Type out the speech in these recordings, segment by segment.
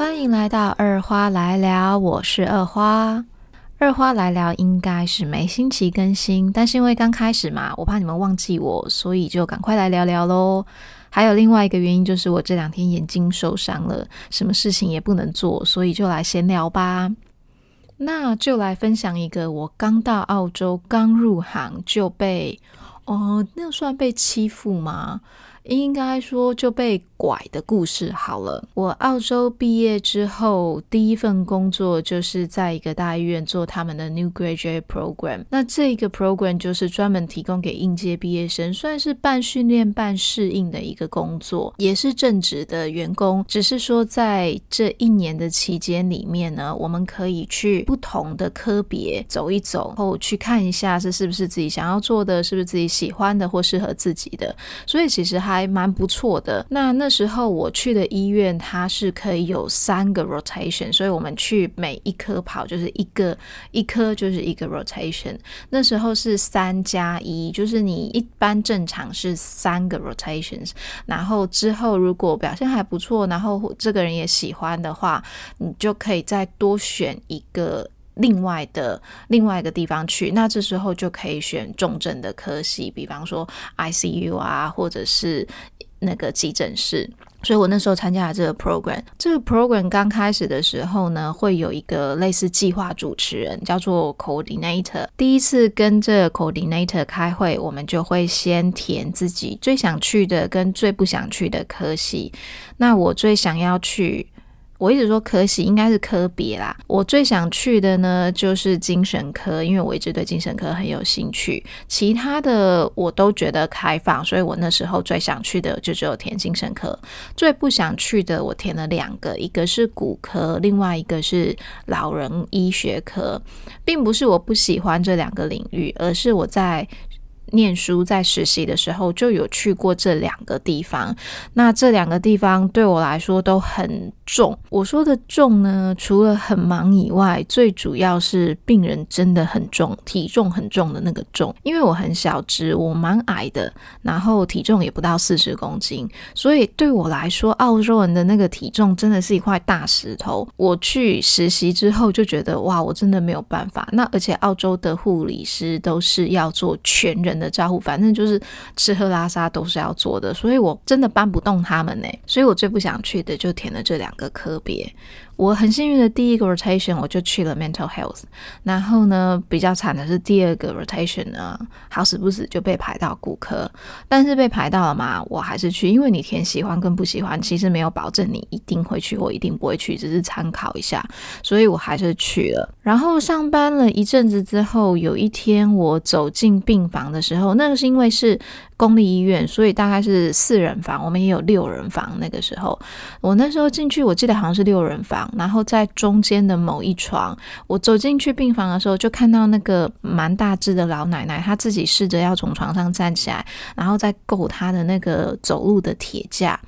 歡迎來到二花來聊，我是二花。二花來聊應該是每星期更新，但是因為剛開始嘛，我怕你們忘記我，所以就趕快來聊聊嘍。還有另外一個原因就是我這兩天眼睛受傷了，什麼事情也不能做，所以就來閒聊吧。那就來分享一個，我剛到澳洲，剛入行就被……哦，那算被欺負嗎？應該說就被。拐的故事好了。我澳洲畢業之後，第一份工作就是在一個大醫院做他們的 New Graduate Program。那這個 Program 就是專門提供給應屆畢業生，算是半訓練半適應的一個工作，也是正職的員工。只是說在這一年的期間裡面呢，我們可以去不同的科別走一走，然後去看一下是是不是自己想要做的，是不是自己喜歡的或適合自己的。所以其實還蠻不錯的。那那。那時候我去的醫院，它是可以有三個 rotation，所以我們去每一科跑就是一個，一科就是一個 rotation。那時候是三加一，1, 就是你一般正常是三個 rotations，然後之後如果表現還不錯，然後這個人也喜歡的話，你就可以再多選一個另外的另外一個地方去。那這時候就可以選重症的科系，比方說 ICU 啊，或者是。那個急診室，所以我那時候參加了這個 program。這個 program 剛開始的時候呢，會有一個類似計劃主持人，叫做 coordinator。第一次跟這個 coordinator 開會，我們就會先填自己最想去的跟最不想去的科系。那我最想要去。我一直說科系應該是科別啦。我最想去的呢就是精神科，因為我一直對精神科很有興趣。其他的我都覺得開放，所以我那時候最想去的就只有填精神科。最不想去的我填了兩個，一個是骨科，另外一個是老人醫學科，並不是我不喜歡這兩個領域，而是我在。念書在實習的時候就有去過這兩個地方，那這兩個地方對我來說都很重。我說的重呢，除了很忙以外，最主要是病人真的很重，體重很重的那個重。因為我很小只，我蠻矮的，然後體重也不到四十公斤，所以對我來說，澳洲人的那個體重真的是一塊大石頭。我去實習之後就覺得，哇，我真的沒有辦法。那而且澳洲的護理師都是要做全人的。的招呼，反正就是吃喝拉撒都是要做的，所以我真的搬不動他們呢，所以我最不想去的就填了這兩個科別。我很幸運的，第一個 rotation 我就去了 mental health。然後呢，比較慘的是第二個 rotation 呢，好死不死就被排到骨科。但是被排到了嘛，我還是去，因為你填喜歡跟不喜歡，其實沒有保證你一定會去或一定不會去，只是參考一下，所以我還是去了。然後上班了一陣子之後，有一天我走進病房的時候，那個是因為是。公立醫院，所以大概是四人房，我們也有六人房。那個時候，我那時候進去，我記得好像是六人房。然後在中間的某一床，我走進去病房的時候，就看到那個蠻大只的老奶奶，她自己試着要從床上站起來，然後再夠她的那個走路的鐵架，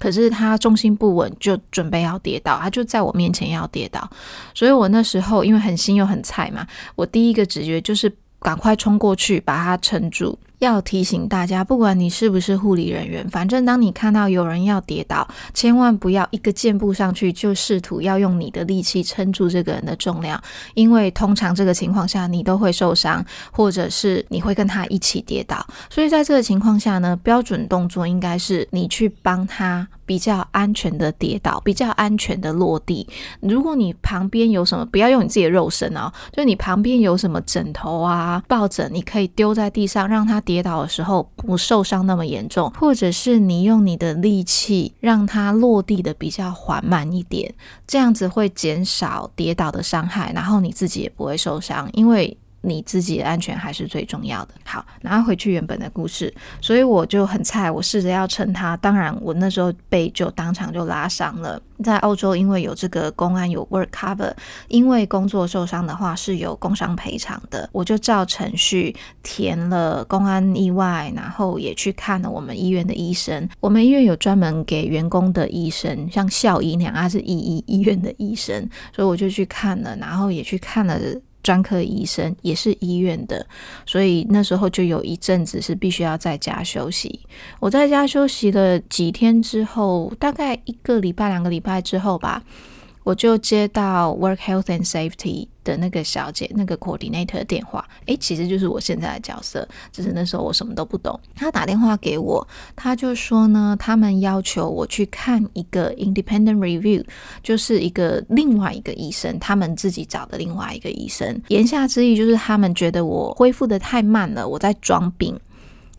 可是她重心不穩，就準備要跌倒，她就在我面前要跌倒。所以我那時候因為很新又很菜嘛，我第一個直覺就是趕快衝過去把她撐住。要提醒大家，不管你是不是護理人員，反正當你看到有人要跌倒，千萬不要一個箭步上去就試圖要用你的力氣撐住這個人的重量，因為通常這個情況下你都會受傷，或者是你會跟他一起跌倒。所以在這個情況下呢，標準動作應該是你去幫他比較安全的跌倒，比較安全的落地。如果你旁邊有什麼，不要用你自己的肉身喔，就你旁邊有什麼枕頭啊、抱枕，你可以丟在地上讓他。跌倒的時候不受傷那麼嚴重，或者是你用你的力氣讓它落地的比較緩慢一點，這樣子會減少跌倒的傷害，然後你自己也不會受傷，因為。你自己的安全還是最重要的。好，然後回去原本的故事，所以我就很菜，我試着要撐他。當然，我那時候被就當場就拉傷了。在澳洲，因為有這個工安有 Work Cover，因為工作受傷的話是有工傷賠償的，我就照程序填了工安意外，然後也去看了我們醫院的醫生。我們醫院有專門給員工的醫生，像校醫那樣，他是醫醫醫院的醫生，所以我就去看了，然後也去看了。專科醫生也是醫院的，所以那時候就有一陣子是必須要在家休息。我在家休息了幾天之後，大概一個禮拜、兩個禮拜之後吧。我就接到 Work Health and Safety 的那個小姐、那個 coordinator 的電話，誒，其實就是我現在的角色，只是那時候我什麼都不懂。他打電話給我，他就說呢，他們要求我去看一個 independent review，就是一個另外一個醫生，他們自己找的另外一個醫生。言下之意就是他們覺得我恢復得太慢了，我在裝病。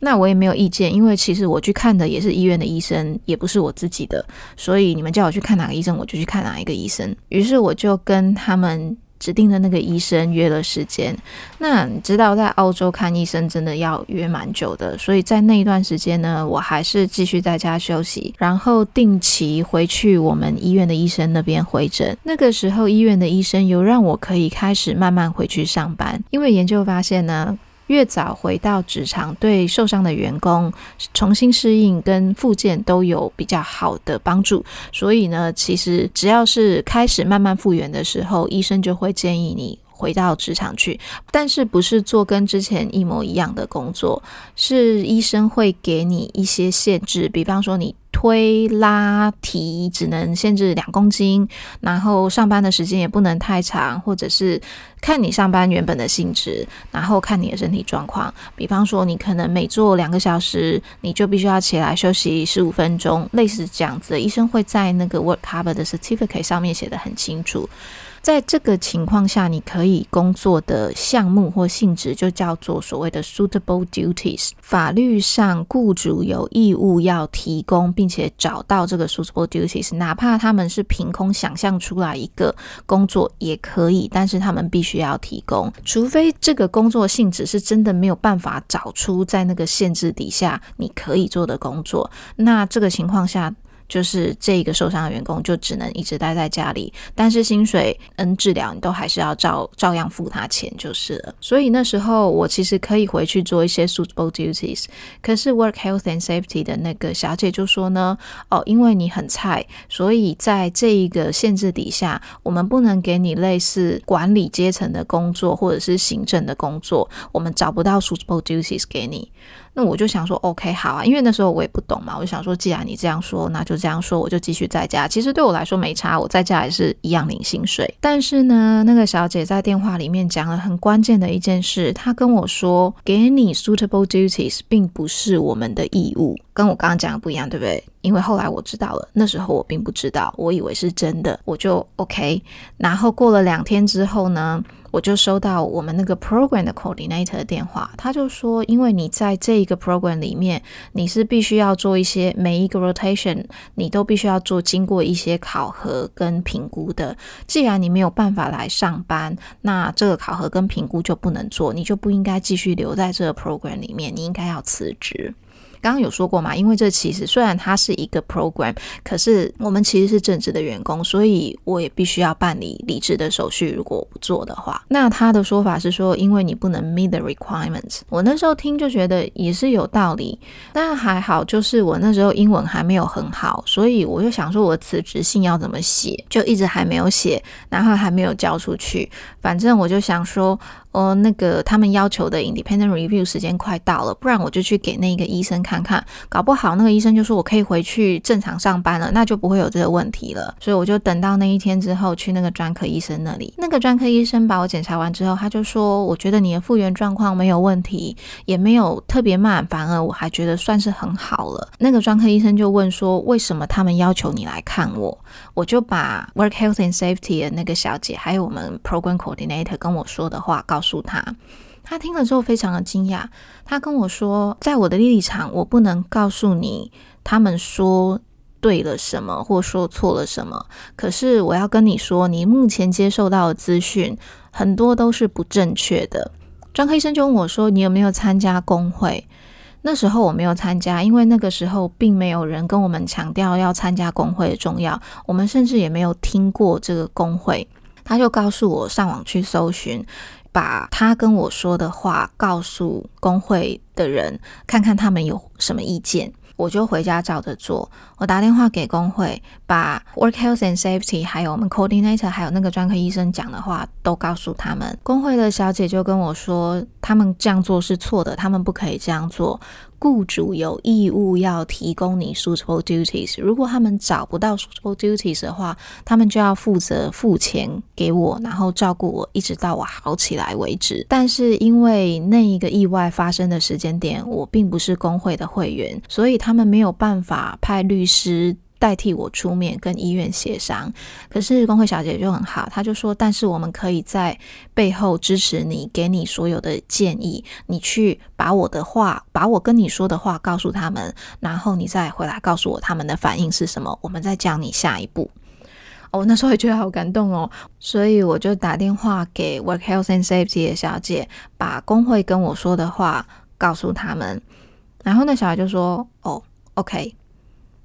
那我也沒有意見，因為其實我去看的也是醫院的醫生，也不是我自己的，所以你們叫我去看哪個醫生，我就去看哪一個醫生。於是我就跟他們指定的那個醫生約了時間。那你知道在澳洲看醫生真的要約蠻久的，所以在那一段時間呢，我還是繼續在家休息，然後定期回去我們醫院的醫生那邊回診。那個時候醫院的醫生有讓我可以開始慢慢回去上班，因為研究發現呢。越早回到職場，對受傷的員工重新適應跟復健都有比較好的幫助。所以呢，其實只要是開始慢慢復原的時候，醫生就會建議你回到職場去，但是不是做跟之前一模一樣的工作，是醫生會給你一些限制，比方說你。推拉提只能限制兩公斤，然後上班的時間也不能太長，或者是看你上班原本的性質，然後看你的身體狀況。比方說，你可能每做兩個小時，你就必須要起來休息十五分鐘，類似這樣子。醫生會在那個 work cover 的 certificate 上面寫得很清楚。在這個情況下，你可以工作的項目或性質就叫做所謂的 suitable duties。法律上，僱主有義務要提供並且找到這個 suitable duties，哪怕他們是憑空想象出來一個工作也可以，但是他們必須要提供，除非這個工作性質是真的沒有辦法找出在那個限制底下你可以做的工作。那這個情況下。就是這一個受傷的員工就只能一直待在家裡，但是薪水，跟治療你都還是要照照樣付他錢就是了。所以那時候我其實可以回去做一些 suitable duties，可是 work health and safety 的那個小姐就說呢，哦，因為你很菜，所以在這一個限制底下，我們不能給你類似管理階層的工作或者是行政的工作，我們找不到 suitable duties 給你。那我就想說，OK，好啊，因為那時候我也不懂嘛，我就想說，既然你這樣說，那就這樣說，我就繼續在家。其實對我來說沒差，我在家也是一樣領薪水。但是呢，那個小姐在電話裡面講了很關鍵的一件事，她跟我說，給你 suitable duties 並不是我們的義務，跟我剛剛講的不一樣，對不對？因為後來我知道了，那時候我並不知道，我以為是真的，我就 OK。然後過了兩天之後呢？我就收到我們那個 program 的 coordinator 的電話，他就說，因為你在這一個 program 裡面，你是必須要做一些，每一個 rotation，你都必須要做，經過一些考核跟評估的。既然你沒有辦法來上班，那這個考核跟評估就不能做，你就不應該繼續留在這個 program 裡面，你應該要辭職。剛剛有說過嘛，因為這其實雖然它是一個 program，可是我們其實是正職的員工，所以我也必須要辦理離職的手續。如果我不做的話，那他的說法是說，因為你不能 meet the requirements。我那時候聽就覺得也是有道理。那還好，就是我那時候英文還沒有很好，所以我就想說，我辭職信要怎麼寫，就一直還沒有寫，然後還沒有交出去。反正我就想說。哦，那個他們要求的 independent review 時間快到了，不然我就去給那個醫生看看，搞不好那個醫生就說我可以回去正常上班了，那就不會有這個問題了。所以我就等到那一天之後去那個專科醫生那裡。那個專科醫生把我檢查完之後，他就說：“我覺得你的復原狀況沒有問題，也沒有特別慢，反而我還覺得算是很好了。”那個專科醫生就問說：“為什麼他們要求你來看我？”我就把 Work Health and Safety 的那個小姐，還有我們 Program Coordinator 跟我說的話告訴他。他聽了之後非常的驚訝，他跟我說：“在我的立場，我不能告訴你他們說。”對了什麼，或說錯了什麼？可是我要跟你說，你目前接受到的資訊很多都是不正確的。專科醫生就問我說：“你有沒有參加工會？”那時候我沒有參加，因為那個時候並沒有人跟我們強調要參加工會的重要，我們甚至也沒有聽過這個工會。他就告訴我上網去搜尋，把他跟我說的話告訴工會的人，看看他們有什麼意見。我就回家照着做。我打電話給工會，把 work health and safety，還有我們 coordinator，還有那個專科醫生講的話都告訴他們。工會的小姐就跟我說，他們這樣做是錯的，他們不可以這樣做。僱主有義務要提供你 suitable duties，如果他們找不到 suitable duties 的話，他們就要負責付錢給我，然後照顧我一直到我好起來為止。但是因為那一個意外發生的時間點，我並不是工會的會員，所以他們沒有辦法派律師。代替我出面跟醫院協商，可是工會小姐就很好，她就說：“但是我們可以在背後支持你，給你所有的建議，你去把我的話，把我跟你說的話告訴他們，然後你再回來告訴我他們的反應是什麼，我們再教你下一步。”哦，那時候也覺得好感動哦，所以我就打電話給 Work Health and Safety 的小姐，把工會跟我說的話告訴他們，然後那小孩就說：“哦，oh，OK。”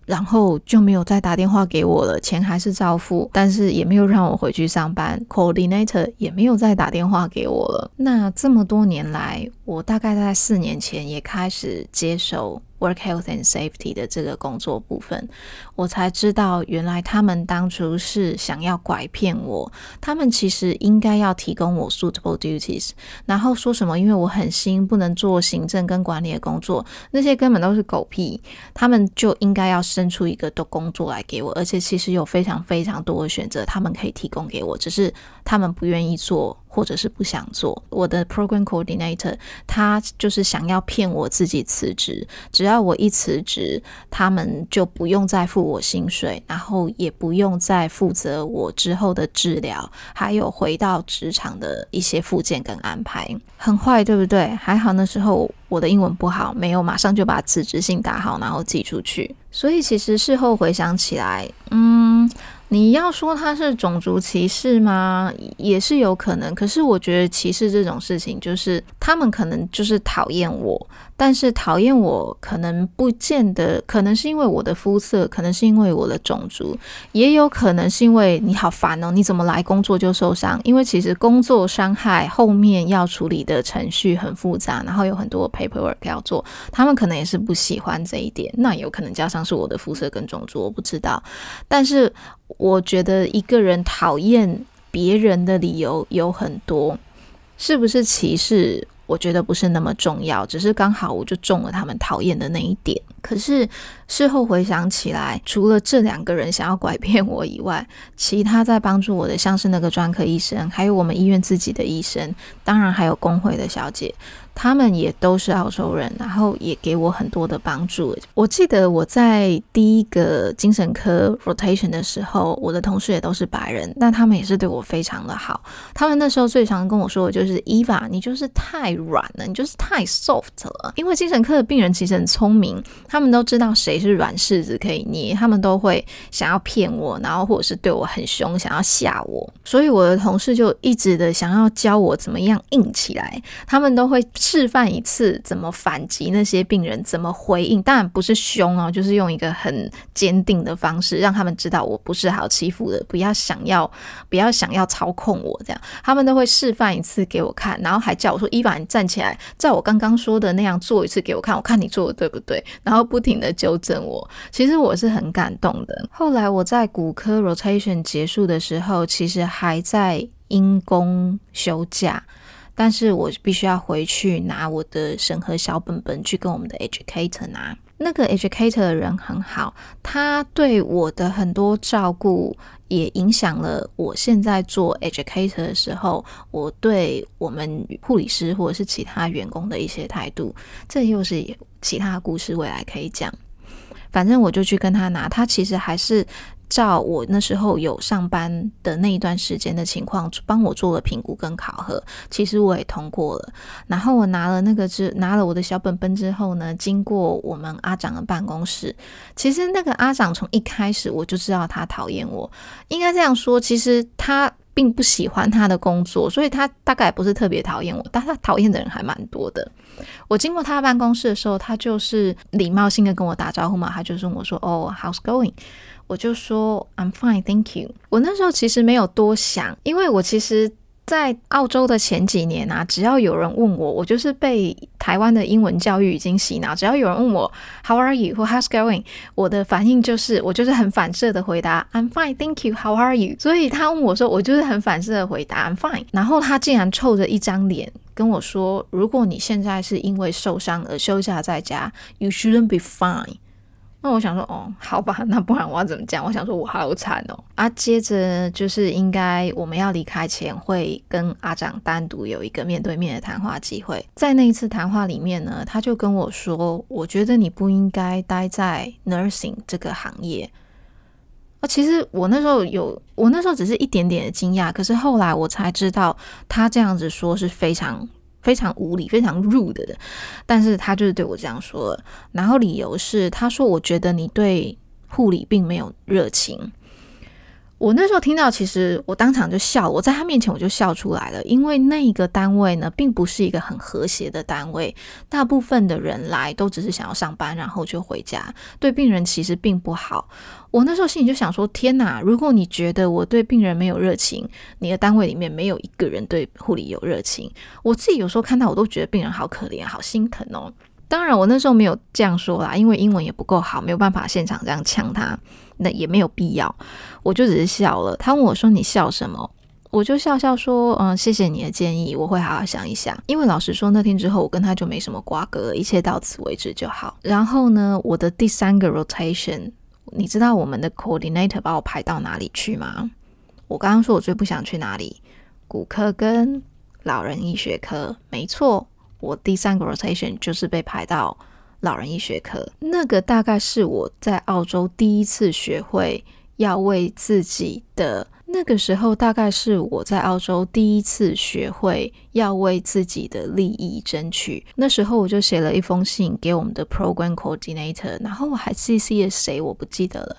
然後就沒有再打電話給我了，錢還是照付，但是也沒有讓我回去上班。Coordinator 也沒有再打電話給我了。那這麼多年來，我大概在四年前也開始接受 Work health and safety 的這個工作部分，我才知道原來他們當初是想要拐騙我。他們其實應該要提供我 suitable duties，然後說什麼因為我很新不能做行政跟管理的工作，那些根本都是狗屁。他們就應該要生出一個的工作來給我，而且其實有非常非常多的選擇，他們可以提供給我，只是他們不願意做。或者是不想做，我的 program coordinator 他就是想要騙我自己辭職，只要我一辭職，他們就不用再付我薪水，然後也不用再負責我之後的治療，還有回到職場的一些附件跟安排，很壞，對不對？還好那時候我的英文不好，沒有馬上就把辭職信打好然後寄出去。所以其實事後回想起來，嗯。你要說他是種族歧視嗎？也是有可能。可是我覺得歧視這種事情，就是他們可能就是討厭我。但是討厭我，可能不見得，可能是因為我的膚色，可能是因為我的種族，也有可能是因為你好煩哦，你怎麼來工作就受傷？因為其實工作傷害後面要處理的程序很複雜，然後有很多 paperwork 要做，他們可能也是不喜歡這一點。那有可能加上是我的膚色跟種族，我不知道。但是我覺得一個人討厭別人的理由有很多，是不是歧視？我覺得不是那麼重要，只是剛好我就中了他們討厭的那一點。可是事後回想起來，除了這兩個人想要拐騙我以外，其他在幫助我的，像是那個專科醫生，還有我們醫院自己的醫生，當然還有工會的小姐。他們也都是澳洲人，然後也給我很多的幫助。我記得我在第一個精神科 rotation 的時候，我的同事也都是白人，但他們也是對我非常的好。他們那時候最常跟我說的就是：“Eva，你就是太軟了，你就是太 soft 了。”因為精神科的病人其實很聰明，他們都知道誰是軟柿子可以捏，他們都會想要騙我，然後或者是對我很凶，想要嚇我。所以我的同事就一直的想要教我怎麼樣硬起來，他們都會。示範一次怎麼反擊那些病人，怎麼回應？當然不是凶哦，就是用一個很堅定的方式，讓他們知道我不是好欺負的，不要想要，不要想要操控我。這樣，他們都會示範一次給我看，然後還叫我說：“伊凡，你站起來，照我剛剛說的那樣做一次給我看，我看你做的對不對。”然後不停的糾正我。其實我是很感動的。後來我在骨科 rotation 結束的時候，其實還在因公休假。但是我必須要回去拿我的審核小本本，去跟我們的 educator 拿。那個 educator 的人很好，他對我的很多照顧也影響了我現在做 educator 的時候，我對我們護理師或者是其他員工的一些態度。這又是其他故事，未來可以講。反正我就去跟他拿，他其實還是，照我那時候有上班的那一段時間的情況，幫我做了評估跟考核，其實我也通過了。然後我拿了那個之拿了我的小本本之後呢，經過我們阿長的辦公室，其實那個阿長從一開始我就知道他討厭我，應該這樣說，其實他並不喜歡他的工作，所以他大概不是特別討厭我，但他討厭的人還蠻多的。我經過他的辦公室的時候，他就是禮貌性的跟我打招呼嘛，他就問我說：“哦，oh, How's going？” 我就說 I'm fine, thank you。我那時候其實沒有多想，因為我其實在澳洲的前幾年啊，只要有人問我，我就是被台灣的英文教育已經洗腦。只要有人問我 How are you 或 How's going，我的反應就是我就是很反射的回答 I'm fine, thank you. How are you？所以他問我說我就是很反射的回答 I'm fine。然後他竟然臭着一張臉跟我說，如果你現在是因為受傷而休假在家，You shouldn't be fine。那我想說，哦，好吧，那不然我要怎麼講？我想說，我好慘哦。啊，接着就是應該我們要離開前，會跟阿長單獨有一個面對面的談話機會。在那一次談話裡面呢，他就跟我說，我覺得你不應該待在 nursing 這個行業。啊，其實我那時候有，我那時候只是一點點的驚訝，可是後來我才知道，他這樣子說是非常。非常無理，非常 rude 的，但是他就是對我這樣說。然後理由是，他說：“我覺得你對護理並沒有熱情。”我那時候聽到，其實我當場就笑了，我在他面前我就笑出來了，因為那個單位呢，並不是一個很和諧的單位，大部分的人來都只是想要上班，然後就回家，對病人其實並不好。我那時候心裡就想說，天哪！如果你覺得我對病人沒有熱情，你的單位裡面沒有一個人對護理有熱情，我自己有時候看到我都覺得病人好可憐，好心疼哦。當然我那時候沒有這樣說啦，因為英文也不夠好，沒有辦法現場這樣嗆他。那也沒有必要，我就只是笑了。他問我說：“你笑什麼？”我就笑笑說：“嗯，謝謝你的建議，我會好好想一想。”因為老實說，那天之後我跟他就沒什麼瓜葛，一切到此為止就好。然後呢，我的第三個 rotation，你知道我們的 coordinator 把我排到哪裡去嗎？我剛剛說我最不想去哪裡，骨科跟老人醫學科。沒錯，我第三個 rotation 就是被排到。老人醫學科，那個大概是我在澳洲第一次學會要為自己的。那個時候大概是我在澳洲第一次學會要為自己的利益爭取。那時候我就寫了一封信給我們的 Program Coordinator，然後我還 CC 了誰我不記得了，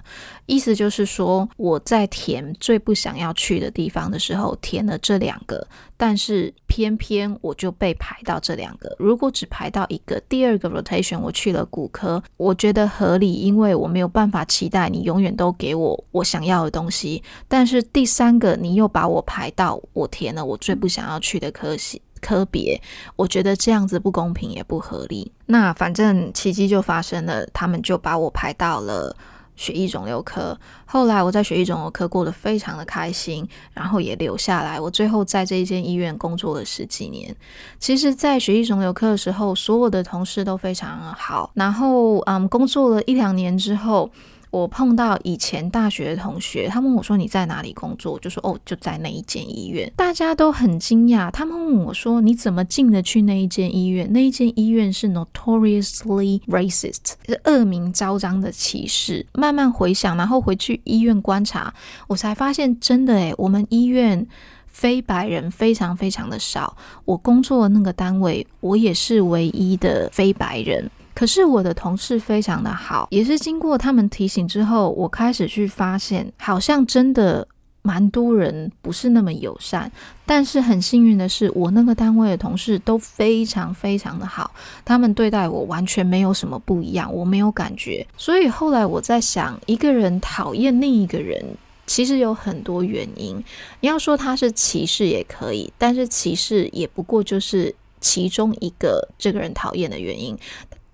意思就是說我在填最不想要去的地方的時候填了這兩個。但是偏偏我就被排到這兩個。如果只排到一個，第二個 rotation 我去了骨科，我覺得合理，因為我沒有辦法期待你永遠都給我我想要的東西。但是第三個你又把我排到我填了我最不想要去的科系科別，我覺得這樣子不公平也不合理。那反正奇蹟就發生了，他們就把我排到了。血液腫瘤科，後來我在血液腫瘤科過得非常的開心，然後也留下來。我最後在這一間醫院工作了十幾年。其實，在血液腫瘤科的時候，所有的同事都非常好。然後，嗯，工作了一兩年之後。我碰到以前大學的同學，他問我說：“你在哪裡工作？”我就說：“哦，就在那一間醫院。”大家都很驚訝。他們問我說：“你怎麼進得去那一間醫院？”那一間醫院是 notoriously racist，是惡名昭彰的歧視。慢慢回想，然後回去醫院觀察，我才發現真的哎、欸，我們醫院非白人非常非常的少。我工作的那個單位，我也是唯一的非白人。可是我的同事非常的好，也是經過他們提醒之後，我開始去發現，好像真的蠻多人不是那麼友善。但是很幸運的是，我那個單位的同事都非常非常的好，他們對待我完全沒有什麼不一樣，我沒有感覺。所以後來我在想，一個人討厭另一個人，其實有很多原因。你要說他是歧視也可以，但是歧視也不過就是其中一個這個人討厭的原因。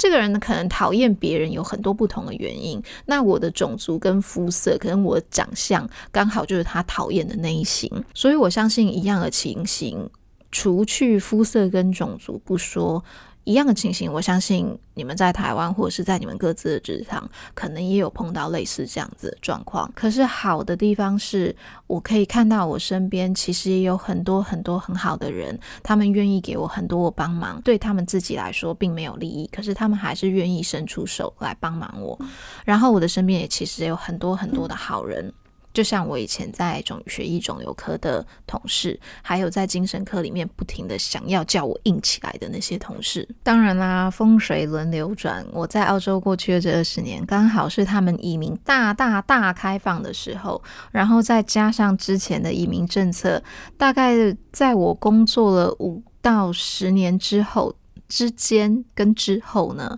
這個人呢，可能討厭別人有很多不同的原因。那我的種族跟膚色跟我的長相剛好就是他討厭的那一型，所以我相信一樣的情形，除去膚色跟種族不說。一樣的情形，我相信你們在台灣或者是在你們各自的職場，可能也有碰到類似這樣子的狀況。可是好的地方是，我可以看到我身邊其實也有很多很多很好的人，他們願意給我很多我幫忙，對他們自己來說並沒有利益，可是他們還是願意伸出手來幫忙我。然後我的身邊也其實也有很多很多的好人。嗯就像我以前在總學醫腫瘤科的同事，還有在精神科裡面不停地想要叫我硬起來的那些同事。當然啦，風水輪流轉，我在澳洲過去的這二十年，剛好是他們移民大大大開放的時候，然後再加上之前的移民政策，大概在我工作了五到十年之後之間跟之後呢。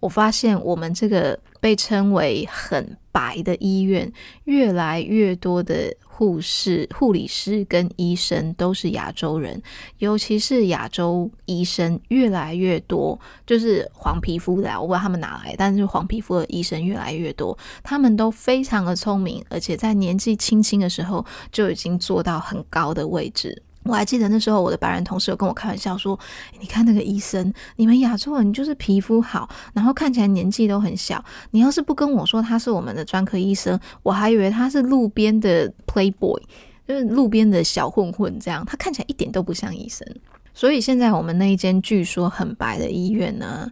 我發現我們這個被稱為很白的醫院，越來越多的護士、護理師跟醫生都是亞洲人，尤其是亞洲醫生越來越多，就是黃皮膚的，我不知道他們哪來，但是黃皮膚的醫生越來越多，他們都非常的聰明，而且在年紀輕輕的時候就已經做到很高的位置。我還記得那時候，我的白人同事有跟我開玩笑說：“你看那個醫生，你們亞洲人就是皮膚好，然後看起來年紀都很小。你要是不跟我說他是我們的專科醫生，我還以為他是路邊的 playboy，就是路邊的小混混這樣。他看起來一點都不像醫生。”所以現在我們那一間據說很白的醫院呢，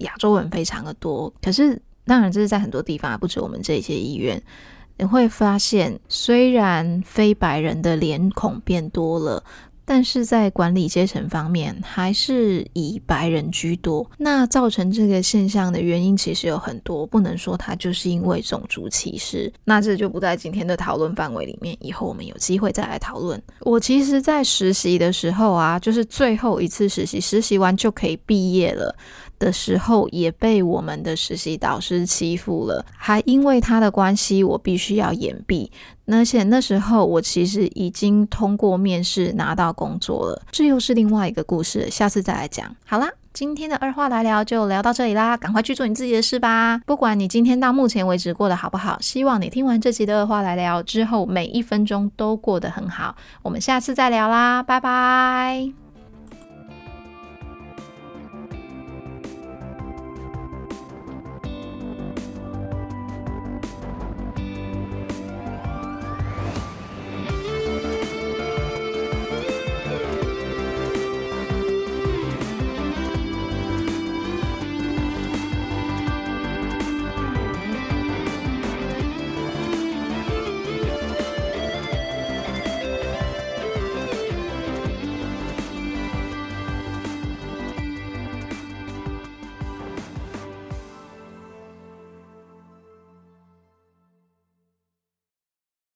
亞洲人非常的多。可是當然，這是在很多地方，不止我們這一些醫院。你會發現，雖然非白人的臉孔變多了。但是在管理階層方面，還是以白人居多。那造成這個現象的原因，其實有很多，不能說它就是因為種族歧視。那這就不在今天的討論範圍裡面，以後我們有機會再來討論。我其實，在實習的時候啊，就是最後一次實習，實習完就可以畢業了的時候，也被我們的實習導師欺負了，還因為他的關係，我必須要延畢。而且那時候我其實已經通過面試拿到工作了，這又是另外一個故事，下次再來講。好啦，今天的二話來聊就聊到這裡啦，趕快去做你自己的事吧。不管你今天到目前為止過得好不好，希望你聽完這集的二話來聊之後，每一分鐘都過得很好。我們下次再聊啦，拜拜。